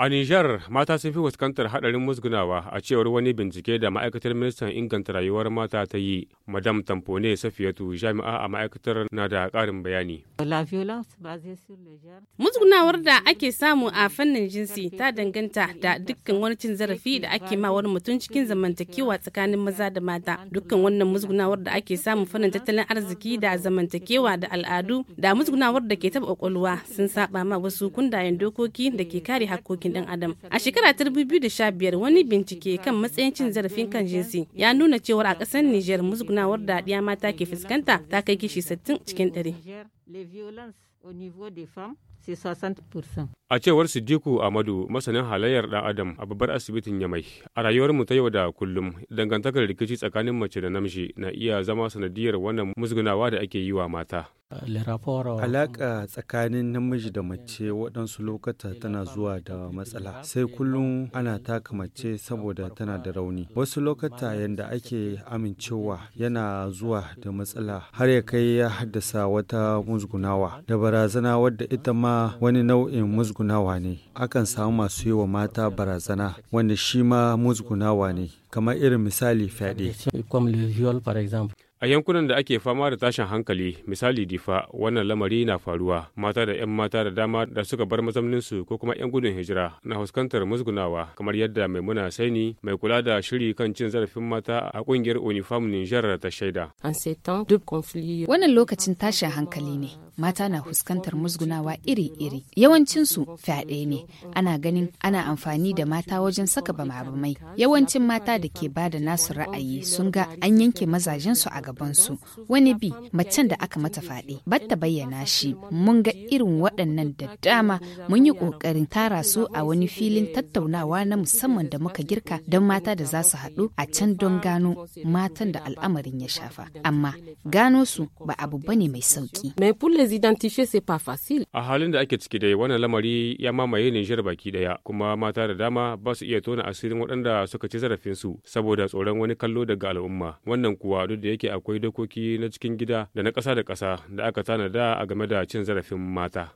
A Nijar, mata sun fi fuskantar haɗarin musgunawa a cewar wani bincike da ma'aikatar ministan inganta rayuwar mata ta yi. Madam Tampone Safiyatu jami'a a ma'aikatar na da karin bayani. Musgunawar da ake samu a fannin jinsi ta danganta da dukkan wani cin zarafi da ake ma mutum cikin zamantakewa tsakanin maza da mata. Dukkan wannan musgunawar da ake samu fannin tattalin arziki da zamantakewa da al'adu da musgunawar da ke taɓa ƙwaƙwalwa sun saba ma wasu kundayen dokoki da ke kare hakkokin haƙƙin ɗan adam a shekara ta biyar wani bincike kan matsayin cin zarafin kan jinsi ya nuna cewar a ƙasar niger musgunawar da ɗiya mata ke fuskanta ta kai kishi sittin cikin ɗari. A cewar Sidiku Amadu, masanin halayyar ɗan Adam a babbar asibitin Yamai, a rayuwar mu ta yau da kullum, dangantakar rikici tsakanin mace da namiji na iya zama sanadiyar wannan musgunawa da ake yi wa mata. Euh, Alaƙa tsakanin namiji da mace waɗansu lokata tana zuwa da matsala, sai kullum ana taka mace saboda tana da rauni. Wasu lokata yadda ake amincewa yana zuwa da matsala har ya kai ya haddasa wata musgunawa da bara barazana wadda ita ma wani nau'in musgunawa ne akan samu masu yi wa mata barazana wanda shi ma musgunawa ne kamar irin misali fyaɗe A yankunan da ake fama da tashin hankali, misali difa, wannan lamari na faruwa. Mata da 'yan mata da dama da suka bar mazauninsu ko kuma 'yan gudun hijira na fuskantar musgunawa, kamar yadda mai muna Saini mai kula da shiri kan cin zarafin mata a kungiyar Uniform Nijar ta shaida. Wannan lokacin tashin hankali ne. mata na fuskantar musgunawa iri-iri yawancinsu fyaɗe ne ana ganin ana amfani da mata wajen saka bamabamai yawancin mata da ke ba da nasu ra'ayi sun ga an yanke mazajensu a gabansu wani bi macen da aka mata fyaɗe batta bayyana shi mun ga irin waɗannan da dama mun yi ƙoƙarin tara su a wani filin tattaunawa na musamman da muka girka don mata da za su haɗu a can don gano matan da al'amarin ya shafa amma gano su ba abu bane mai sauƙi les identifier pas facile. A halin da ake ciki dai wannan lamari ya mamaye Niger baki daya kuma mata da dama ba su iya tona asirin waɗanda suka ci zarafin su saboda tsoron wani kallo daga al'umma. Wannan kuwa duk da yake akwai dokoki na cikin gida da na ƙasa da ƙasa da aka tana da a game da cin zarafin mata.